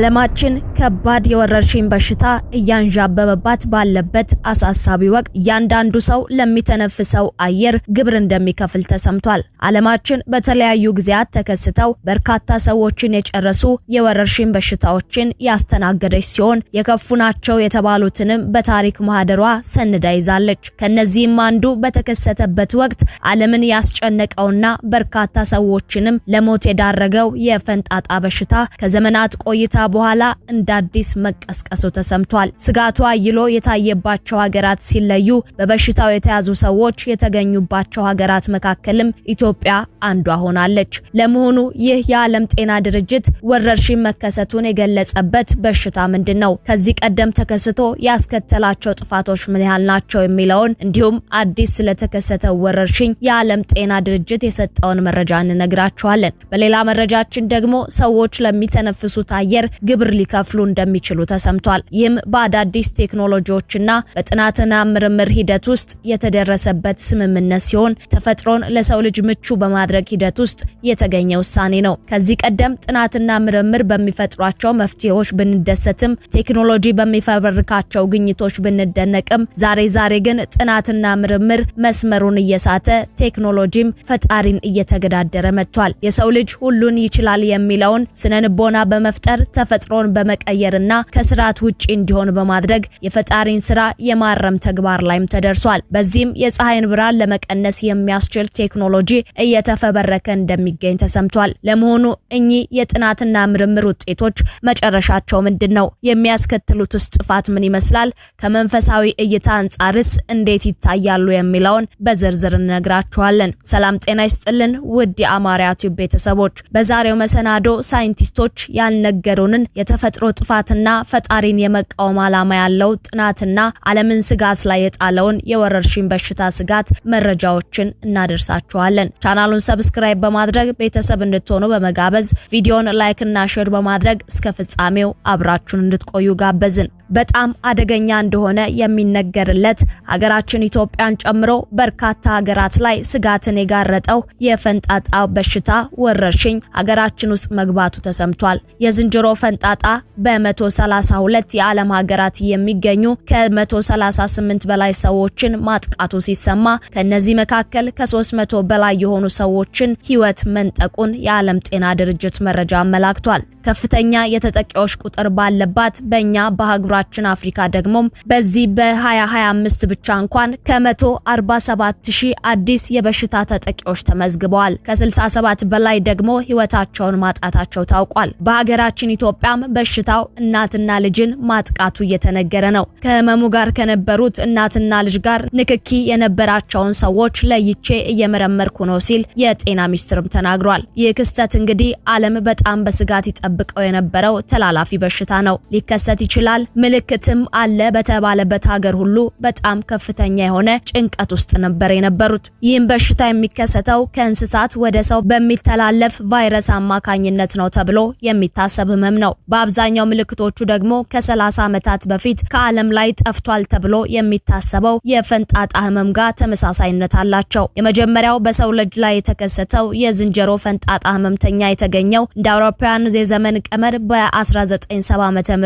ዓለማችን ከባድ የወረርሽኝ በሽታ እያንዣበበባት ባለበት አሳሳቢ ወቅት እያንዳንዱ ሰው ለሚተነፍሰው አየር ግብር እንደሚከፍል ተሰምቷል። ዓለማችን በተለያዩ ጊዜያት ተከስተው በርካታ ሰዎችን የጨረሱ የወረርሽኝ በሽታዎችን ያስተናገደች ሲሆን የከፉ ናቸው የተባሉትንም በታሪክ ማህደሯ ሰንዳ ይዛለች። ከነዚህም አንዱ በተከሰተበት ወቅት ዓለምን ያስጨነቀውና በርካታ ሰዎችንም ለሞት የዳረገው የፈንጣጣ በሽታ ከዘመናት ቆይታ በኋላ እንደ አዲስ መቀስቀሱ ተሰምቷል። ስጋቱ አይሎ የታየባቸው ሀገራት ሲለዩ በበሽታው የተያዙ ሰዎች የተገኙባቸው ሀገራት መካከልም ኢትዮጵያ አንዷ ሆናለች። ለመሆኑ ይህ የዓለም ጤና ድርጅት ወረርሽኝ መከሰቱን የገለጸበት በሽታ ምንድን ነው? ከዚህ ቀደም ተከስቶ ያስከተላቸው ጥፋቶች ምን ያህል ናቸው? የሚለውን እንዲሁም አዲስ ስለተከሰተው ወረርሽኝ የዓለም ጤና ድርጅት የሰጠውን መረጃ እንነግራችኋለን። በሌላ መረጃችን ደግሞ ሰዎች ለሚተነፍሱት አየር ግብር ሊከፍሉ እንደሚችሉ ተሰምቷል። ይህም በአዳዲስ ቴክኖሎጂዎችና በጥናትና ምርምር ሂደት ውስጥ የተደረሰበት ስምምነት ሲሆን ተፈጥሮን ለሰው ልጅ ምቹ በማድረግ ሂደት ውስጥ የተገኘ ውሳኔ ነው። ከዚህ ቀደም ጥናትና ምርምር በሚፈጥሯቸው መፍትሄዎች ብንደሰትም ቴክኖሎጂ በሚፈበርካቸው ግኝቶች ብንደነቅም ዛሬ ዛሬ ግን ጥናትና ምርምር መስመሩን እየሳተ ቴክኖሎጂም ፈጣሪን እየተገዳደረ መጥቷል። የሰው ልጅ ሁሉን ይችላል የሚለውን ስነ ንቦና በመፍጠር ተፈጥሮን በመቀየርና ከስርዓት ውጪ እንዲሆን በማድረግ የፈጣሪን ስራ የማረም ተግባር ላይም ተደርሷል። በዚህም የፀሐይን ብርሃን ለመቀነስ የሚያስችል ቴክኖሎጂ እየተፈበረከ እንደሚገኝ ተሰምቷል። ለመሆኑ እኚህ የጥናትና ምርምር ውጤቶች መጨረሻቸው ምንድን ነው? የሚያስከትሉትስ ጥፋት ምን ይመስላል? ከመንፈሳዊ እይታ አንጻርስ እንዴት ይታያሉ? የሚለውን በዝርዝር እነግራችኋለን። ሰላም ጤና ይስጥልን ውድ የአማርያ ቲዩብ ቤተሰቦች፣ በዛሬው መሰናዶ ሳይንቲስቶች ያልነገሩን መሆኑን የተፈጥሮ ጥፋትና ፈጣሪን የመቃወም ዓላማ ያለው ጥናትና ዓለምን ስጋት ላይ የጣለውን የወረርሽኝ በሽታ ስጋት መረጃዎችን እናደርሳችኋለን። ቻናሉን ሰብስክራይብ በማድረግ ቤተሰብ እንድትሆኑ በመጋበዝ ቪዲዮን ላይክ እና ሼር በማድረግ እስከ ፍጻሜው አብራችሁን እንድትቆዩ ጋበዝን። በጣም አደገኛ እንደሆነ የሚነገርለት ሀገራችን ኢትዮጵያን ጨምሮ በርካታ ሀገራት ላይ ስጋትን የጋረጠው የፈንጣጣ በሽታ ወረርሽኝ ሀገራችን ውስጥ መግባቱ ተሰምቷል። የዝንጀሮ ፈንጣጣ በ132 የዓለም ሀገራት የሚገኙ ከ138 በላይ ሰዎችን ማጥቃቱ ሲሰማ ከነዚህ መካከል ከ300 በላይ የሆኑ ሰዎችን ህይወት መንጠቁን የዓለም ጤና ድርጅት መረጃ አመላክቷል። ከፍተኛ የተጠቂዎች ቁጥር ባለባት በእኛ በሀገራ ሀገራችን አፍሪካ ደግሞ በዚህ በ2025 ብቻ እንኳን ከ 147000 አዲስ የበሽታ ተጠቂዎች ተመዝግበዋል። ከ67 በላይ ደግሞ ህይወታቸውን ማጣታቸው ታውቋል። በሀገራችን ኢትዮጵያም በሽታው እናትና ልጅን ማጥቃቱ እየተነገረ ነው። ከህመሙ ጋር ከነበሩት እናትና ልጅ ጋር ንክኪ የነበራቸውን ሰዎች ለይቼ እየመረመርኩ ነው ሲል የጤና ሚኒስትርም ተናግሯል። ይህ ክስተት እንግዲህ ዓለም በጣም በስጋት ይጠብቀው የነበረው ተላላፊ በሽታ ነው። ሊከሰት ይችላል ምልክትም አለ በተባለበት ሀገር ሁሉ በጣም ከፍተኛ የሆነ ጭንቀት ውስጥ ነበር የነበሩት። ይህም በሽታ የሚከሰተው ከእንስሳት ወደ ሰው በሚተላለፍ ቫይረስ አማካኝነት ነው ተብሎ የሚታሰብ ህመም ነው። በአብዛኛው ምልክቶቹ ደግሞ ከ30 ዓመታት በፊት ከዓለም ላይ ጠፍቷል ተብሎ የሚታሰበው የፈንጣጣ ህመም ጋር ተመሳሳይነት አላቸው። የመጀመሪያው በሰው ልጅ ላይ የተከሰተው የዝንጀሮ ፈንጣጣ ህመምተኛ የተገኘው እንደ አውሮፓውያን የዘመን ቀመር በ1970 ዓ.ም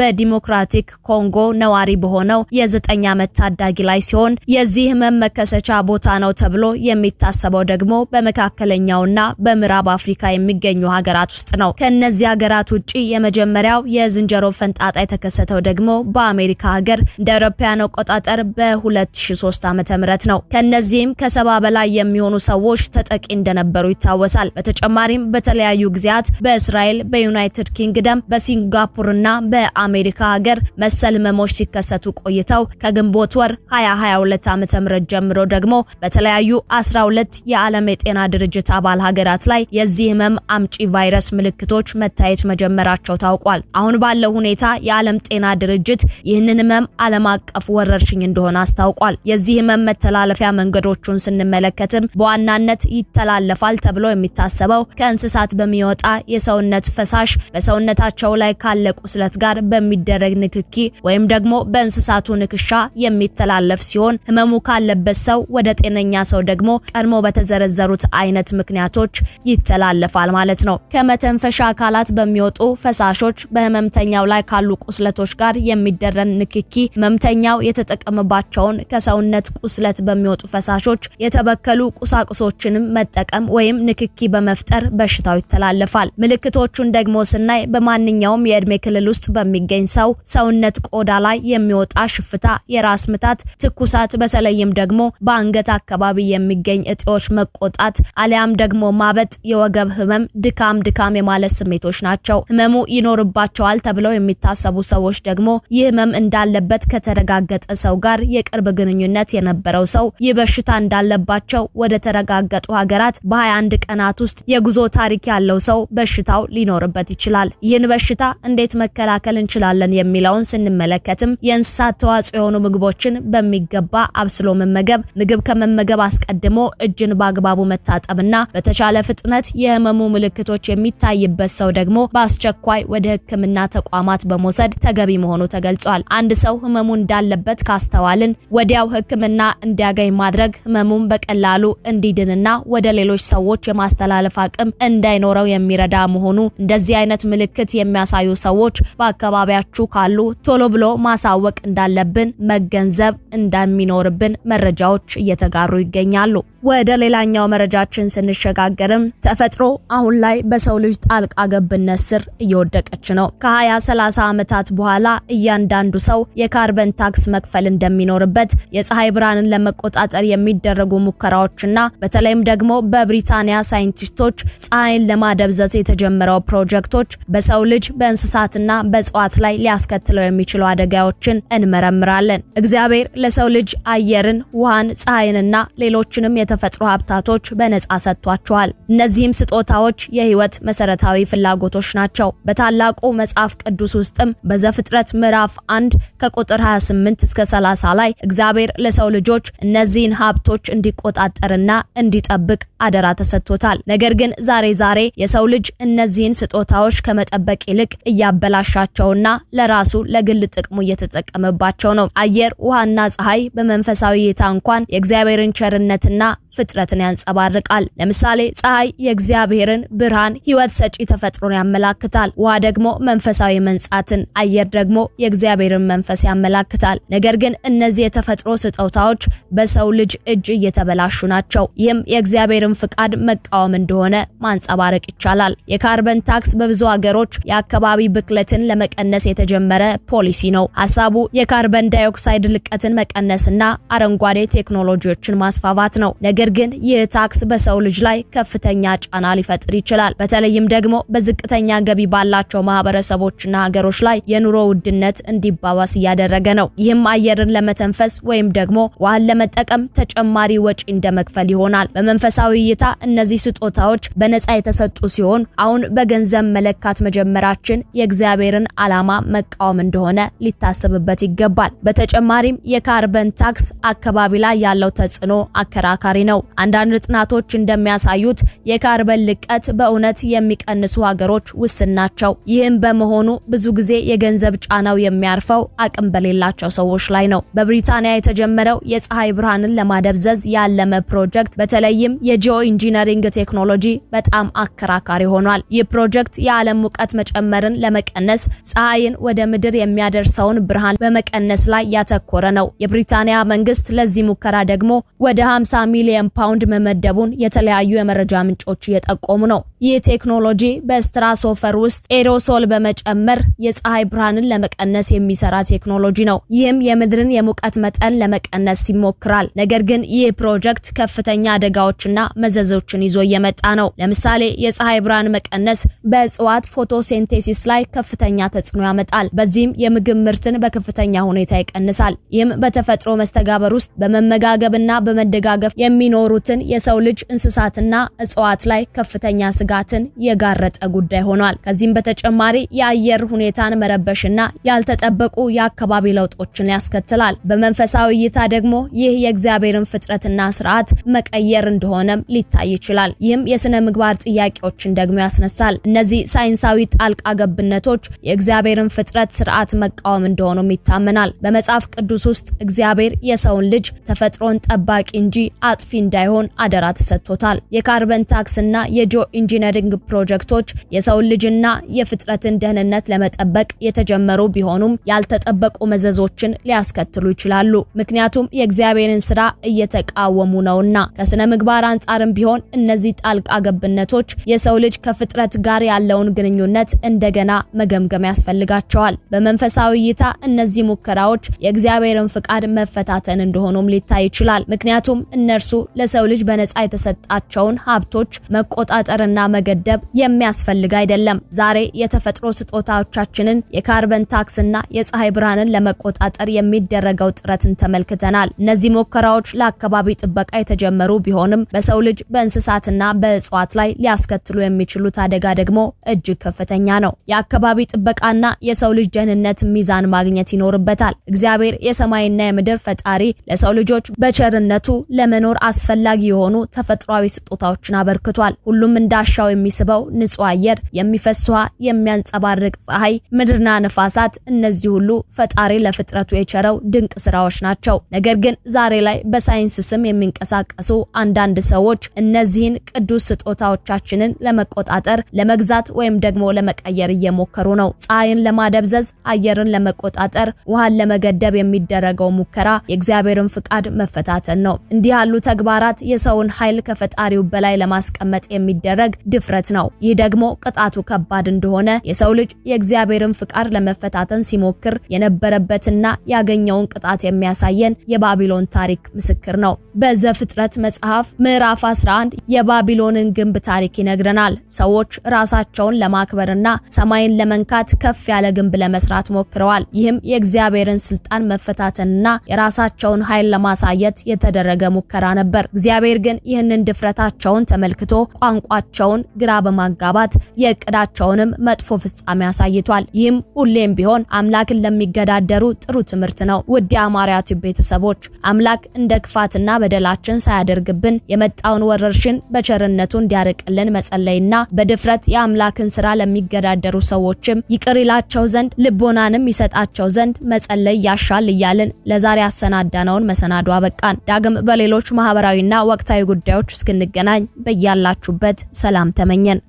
በዲሞክራ ዲሞክራቲክ ኮንጎ ነዋሪ በሆነው የዘጠኝ ዓመት ታዳጊ ላይ ሲሆን የዚህ ህመም መከሰቻ ቦታ ነው ተብሎ የሚታሰበው ደግሞ በመካከለኛውና በምዕራብ አፍሪካ የሚገኙ ሀገራት ውስጥ ነው። ከእነዚህ ሀገራት ውጪ የመጀመሪያው የዝንጀሮ ፈንጣጣ የተከሰተው ደግሞ በአሜሪካ ሀገር እንደ አውሮፓውያን አቆጣጠር በ2003 ዓ.ም ነው። ከእነዚህም ከሰባ በላይ የሚሆኑ ሰዎች ተጠቂ እንደነበሩ ይታወሳል። በተጨማሪም በተለያዩ ጊዜያት በእስራኤል፣ በዩናይትድ ኪንግደም፣ በሲንጋፖርና በአሜሪካ ሀገር ሀገር መሰል ህመሞች ሲከሰቱ ቆይተው ከግንቦት ወር 2022 ዓ.ም ጀምሮ ደግሞ በተለያዩ 12 የዓለም የጤና ድርጅት አባል ሀገራት ላይ የዚህ ህመም አምጪ ቫይረስ ምልክቶች መታየት መጀመራቸው ታውቋል። አሁን ባለው ሁኔታ የዓለም ጤና ድርጅት ይህንን ህመም ዓለም አቀፍ ወረርሽኝ እንደሆነ አስታውቋል። የዚህ ህመም መተላለፊያ መንገዶቹን ስንመለከትም በዋናነት ይተላለፋል ተብሎ የሚታሰበው ከእንስሳት በሚወጣ የሰውነት ፈሳሽ በሰውነታቸው ላይ ካለ ቁስለት ጋር በሚደረግ ንክኪ ወይም ደግሞ በእንስሳቱ ንክሻ የሚተላለፍ ሲሆን ህመሙ ካለበት ሰው ወደ ጤነኛ ሰው ደግሞ ቀድሞ በተዘረዘሩት አይነት ምክንያቶች ይተላለፋል ማለት ነው። ከመተንፈሻ አካላት በሚወጡ ፈሳሾች በህመምተኛው ላይ ካሉ ቁስለቶች ጋር የሚደረን ንክኪ ህመምተኛው የተጠቀመባቸውን ከሰውነት ቁስለት በሚወጡ ፈሳሾች የተበከሉ ቁሳቁሶችንም መጠቀም ወይም ንክኪ በመፍጠር በሽታው ይተላለፋል። ምልክቶቹን ደግሞ ስናይ በማንኛውም የእድሜ ክልል ውስጥ በሚገኝ ሰው ሰውነት ቆዳ ላይ የሚወጣ ሽፍታ፣ የራስ ምታት፣ ትኩሳት፣ በተለይም ደግሞ በአንገት አካባቢ የሚገኝ እጢዎች መቆጣት አሊያም ደግሞ ማበጥ፣ የወገብ ህመም፣ ድካም ድካም የማለት ስሜቶች ናቸው። ህመሙ ይኖርባቸዋል ተብለው የሚታሰቡ ሰዎች ደግሞ ይህ ህመም እንዳለበት ከተረጋገጠ ሰው ጋር የቅርብ ግንኙነት የነበረው ሰው ይህ በሽታ እንዳለባቸው ወደ ተረጋገጡ ሀገራት በ21 ቀናት ውስጥ የጉዞ ታሪክ ያለው ሰው በሽታው ሊኖርበት ይችላል። ይህን በሽታ እንዴት መከላከል እንችላለን? የሚለውን ስንመለከትም የእንስሳት ተዋጽኦ የሆኑ ምግቦችን በሚገባ አብስሎ መመገብ፣ ምግብ ከመመገብ አስቀድሞ እጅን በአግባቡ መታጠብና በተቻለ ፍጥነት የህመሙ ምልክቶች የሚታይበት ሰው ደግሞ በአስቸኳይ ወደ ሕክምና ተቋማት በመውሰድ ተገቢ መሆኑ ተገልጿል። አንድ ሰው ህመሙ እንዳለበት ካስተዋልን ወዲያው ሕክምና እንዲያገኝ ማድረግ ህመሙን በቀላሉ እንዲድንና ወደ ሌሎች ሰዎች የማስተላለፍ አቅም እንዳይኖረው የሚረዳ መሆኑ እንደዚህ አይነት ምልክት የሚያሳዩ ሰዎች በአካባቢያችሁ ካሉ ካሉ ቶሎ ብሎ ማሳወቅ እንዳለብን መገንዘብ እንደሚኖርብን መረጃዎች እየተጋሩ ይገኛሉ። ወደ ሌላኛው መረጃችን ስንሸጋገርም ተፈጥሮ አሁን ላይ በሰው ልጅ ጣልቃ ገብነት ስር እየወደቀች ነው። ከ20 30 ዓመታት በኋላ እያንዳንዱ ሰው የካርበን ታክስ መክፈል እንደሚኖርበት የፀሐይ ብርሃንን ለመቆጣጠር የሚደረጉ ሙከራዎችና በተለይም ደግሞ በብሪታንያ ሳይንቲስቶች ፀሐይን ለማደብዘዝ የተጀመረው ፕሮጀክቶች በሰው ልጅ በእንስሳትና በእጽዋት ላይ ሊያስከትለው የሚችሉ አደጋዎችን እንመረምራለን። እግዚአብሔር ለሰው ልጅ አየርን፣ ውሃን፣ ፀሐይንና ሌሎችንም የተፈጥሮ ሀብታቶች በነጻ ሰጥቷቸዋል። እነዚህም ስጦታዎች የህይወት መሰረታዊ ፍላጎቶች ናቸው። በታላቁ መጽሐፍ ቅዱስ ውስጥም በዘፍጥረት ምዕራፍ 1 ከቁጥር 28 እስከ 30 ላይ እግዚአብሔር ለሰው ልጆች እነዚህን ሀብቶች እንዲቆጣጠርና እንዲጠብቅ አደራ ተሰጥቶታል። ነገር ግን ዛሬ ዛሬ የሰው ልጅ እነዚህን ስጦታዎች ከመጠበቅ ይልቅ እያበላሻቸውና ለራሱ ለግል ጥቅሙ እየተጠቀመባቸው ነው። አየር፣ ውሃና ፀሐይ በመንፈሳዊ እይታ እንኳን የእግዚአብሔርን ቸርነትና ፍጥረትን ያንጸባርቃል። ለምሳሌ ፀሐይ የእግዚአብሔርን ብርሃን ህይወት ሰጪ ተፈጥሮን ያመላክታል። ውሃ ደግሞ መንፈሳዊ መንጻትን፣ አየር ደግሞ የእግዚአብሔርን መንፈስ ያመላክታል። ነገር ግን እነዚህ የተፈጥሮ ስጦታዎች በሰው ልጅ እጅ እየተበላሹ ናቸው። ይህም የእግዚአብሔርን ፍቃድ መቃወም እንደሆነ ማንጸባረቅ ይቻላል። የካርበን ታክስ በብዙ ሀገሮች የአካባቢ ብክለትን ለመቀነስ የተጀመረ ፖሊሲ ነው። ሀሳቡ የካርበን ዳይኦክሳይድ ልቀትን መቀነስና አረንጓዴ ቴክኖሎጂዎችን ማስፋፋት ነው። ነገር ነገር ግን ይህ ታክስ በሰው ልጅ ላይ ከፍተኛ ጫና ሊፈጥር ይችላል። በተለይም ደግሞ በዝቅተኛ ገቢ ባላቸው ማህበረሰቦችና ሀገሮች ላይ የኑሮ ውድነት እንዲባባስ እያደረገ ነው። ይህም አየርን ለመተንፈስ ወይም ደግሞ ውሃን ለመጠቀም ተጨማሪ ወጪ እንደመክፈል ይሆናል። በመንፈሳዊ እይታ እነዚህ ስጦታዎች በነጻ የተሰጡ ሲሆን አሁን በገንዘብ መለካት መጀመራችን የእግዚአብሔርን ዓላማ መቃወም እንደሆነ ሊታሰብበት ይገባል። በተጨማሪም የካርበን ታክስ አካባቢ ላይ ያለው ተጽዕኖ አከራካሪ ነው። አንዳንድ ጥናቶች እንደሚያሳዩት የካርበን ልቀት በእውነት የሚቀንሱ ሀገሮች ውስን ናቸው። ይህም በመሆኑ ብዙ ጊዜ የገንዘብ ጫናው የሚያርፈው አቅም በሌላቸው ሰዎች ላይ ነው። በብሪታንያ የተጀመረው የፀሐይ ብርሃንን ለማደብዘዝ ያለመ ፕሮጀክት በተለይም የጂኦ ኢንጂነሪንግ ቴክኖሎጂ በጣም አከራካሪ ሆኗል። ይህ ፕሮጀክት የዓለም ሙቀት መጨመርን ለመቀነስ ፀሐይን ወደ ምድር የሚያደርሰውን ብርሃን በመቀነስ ላይ ያተኮረ ነው። የብሪታንያ መንግስት ለዚህ ሙከራ ደግሞ ወደ 50 ሚሊዮን ቢሊዮን ፓውንድ መመደቡን የተለያዩ የመረጃ ምንጮች እየጠቆሙ ነው። ይህ ቴክኖሎጂ በስትራሶፈር ውስጥ ኤሮሶል በመጨመር የፀሐይ ብርሃንን ለመቀነስ የሚሰራ ቴክኖሎጂ ነው። ይህም የምድርን የሙቀት መጠን ለመቀነስ ይሞክራል። ነገር ግን ይህ ፕሮጀክት ከፍተኛ አደጋዎችና መዘዞችን ይዞ እየመጣ ነው። ለምሳሌ የፀሐይ ብርሃን መቀነስ በእጽዋት ፎቶሴንቴሲስ ላይ ከፍተኛ ተጽዕኖ ያመጣል። በዚህም የምግብ ምርትን በከፍተኛ ሁኔታ ይቀንሳል። ይህም በተፈጥሮ መስተጋበር ውስጥ በመመጋገብና በመደጋገፍ የሚ የሚኖሩትን የሰው ልጅ እንስሳትና እጽዋት ላይ ከፍተኛ ስጋትን የጋረጠ ጉዳይ ሆኗል። ከዚህም በተጨማሪ የአየር ሁኔታን መረበሽና ያልተጠበቁ የአካባቢ ለውጦችን ያስከትላል። በመንፈሳዊ እይታ ደግሞ ይህ የእግዚአብሔርን ፍጥረትና ስርዓት መቀየር እንደሆነም ሊታይ ይችላል። ይህም የስነ ምግባር ጥያቄዎችን ደግሞ ያስነሳል። እነዚህ ሳይንሳዊ ጣልቃ ገብነቶች የእግዚአብሔርን ፍጥረት ስርዓት መቃወም እንደሆኑም ይታመናል። በመጽሐፍ ቅዱስ ውስጥ እግዚአብሔር የሰውን ልጅ ተፈጥሮን ጠባቂ እንጂ አጥፊ እንዳይሆን አደራ ተሰጥቶታል። የካርበን ታክስና የጂኦ ኢንጂነሪንግ ፕሮጀክቶች የሰውን ልጅና የፍጥረትን ደህንነት ለመጠበቅ የተጀመሩ ቢሆኑም ያልተጠበቁ መዘዞችን ሊያስከትሉ ይችላሉ። ምክንያቱም የእግዚአብሔርን ስራ እየተቃወሙ ነውና። ከስነ ምግባር አንጻርም ቢሆን እነዚህ ጣልቃ ገብነቶች የሰው ልጅ ከፍጥረት ጋር ያለውን ግንኙነት እንደገና መገምገም ያስፈልጋቸዋል። በመንፈሳዊ እይታ እነዚህ ሙከራዎች የእግዚአብሔርን ፍቃድ መፈታተን እንደሆኑም ሊታይ ይችላል። ምክንያቱም እነርሱ ለሰው ልጅ በነጻ የተሰጣቸውን ሀብቶች መቆጣጠርና መገደብ የሚያስፈልግ አይደለም። ዛሬ የተፈጥሮ ስጦታዎቻችንን የካርበን ታክስና የፀሐይ ብርሃንን ለመቆጣጠር የሚደረገው ጥረትን ተመልክተናል። እነዚህ ሙከራዎች ለአካባቢ ጥበቃ የተጀመሩ ቢሆንም በሰው ልጅ በእንስሳትና በእጽዋት ላይ ሊያስከትሉ የሚችሉት አደጋ ደግሞ እጅግ ከፍተኛ ነው። የአካባቢ ጥበቃና የሰው ልጅ ደህንነት ሚዛን ማግኘት ይኖርበታል። እግዚአብሔር የሰማይና የምድር ፈጣሪ ለሰው ልጆች በቸርነቱ ለመኖር አስ አስፈላጊ የሆኑ ተፈጥሯዊ ስጦታዎችን አበርክቷል። ሁሉም እንዳሻው የሚስበው ንጹህ አየር፣ የሚፈስ ውሃ፣ የሚያንጸባርቅ ፀሐይ፣ ምድርና ነፋሳት፣ እነዚህ ሁሉ ፈጣሪ ለፍጥረቱ የቸረው ድንቅ ስራዎች ናቸው። ነገር ግን ዛሬ ላይ በሳይንስ ስም የሚንቀሳቀሱ አንዳንድ ሰዎች እነዚህን ቅዱስ ስጦታዎቻችንን ለመቆጣጠር፣ ለመግዛት ወይም ደግሞ ለመቀየር እየሞከሩ ነው። ፀሐይን ለማደብዘዝ፣ አየርን ለመቆጣጠር፣ ውሃን ለመገደብ የሚደረገው ሙከራ የእግዚአብሔርን ፍቃድ መፈታተን ነው። እንዲህ ያሉ ተግባ ተግባራት የሰውን ኃይል ከፈጣሪው በላይ ለማስቀመጥ የሚደረግ ድፍረት ነው። ይህ ደግሞ ቅጣቱ ከባድ እንደሆነ የሰው ልጅ የእግዚአብሔርን ፍቃድ ለመፈታተን ሲሞክር የነበረበትና ያገኘውን ቅጣት የሚያሳየን የባቢሎን ታሪክ ምስክር ነው። በዘፍጥረት መጽሐፍ ምዕራፍ 11 የባቢሎንን ግንብ ታሪክ ይነግረናል። ሰዎች ራሳቸውን ለማክበርና ሰማይን ለመንካት ከፍ ያለ ግንብ ለመስራት ሞክረዋል። ይህም የእግዚአብሔርን ስልጣን መፈታተንና የራሳቸውን ኃይል ለማሳየት የተደረገ ሙከራ ነበር። ነበር። እግዚአብሔር ግን ይህንን ድፍረታቸውን ተመልክቶ ቋንቋቸውን ግራ በማጋባት የእቅዳቸውንም መጥፎ ፍጻሜ አሳይቷል። ይህም ሁሌም ቢሆን አምላክን ለሚገዳደሩ ጥሩ ትምህርት ነው። ውድ የአማርያ ቲዩብ ቤተሰቦች አምላክ እንደ ክፋትና በደላችን ሳያደርግብን የመጣውን ወረርሽን በቸርነቱ እንዲያርቅልን መጸለይና በድፍረት የአምላክን ስራ ለሚገዳደሩ ሰዎችም ይቅር ይላቸው ዘንድ ልቦናንም ይሰጣቸው ዘንድ መጸለይ ያሻል እያልን ለዛሬ ያሰናዳነውን መሰናዶ አበቃን። ዳግም በሌሎች ማህበ ማህበራዊና ወቅታዊ ጉዳዮች እስክንገናኝ በያላችሁበት ሰላም ተመኘን።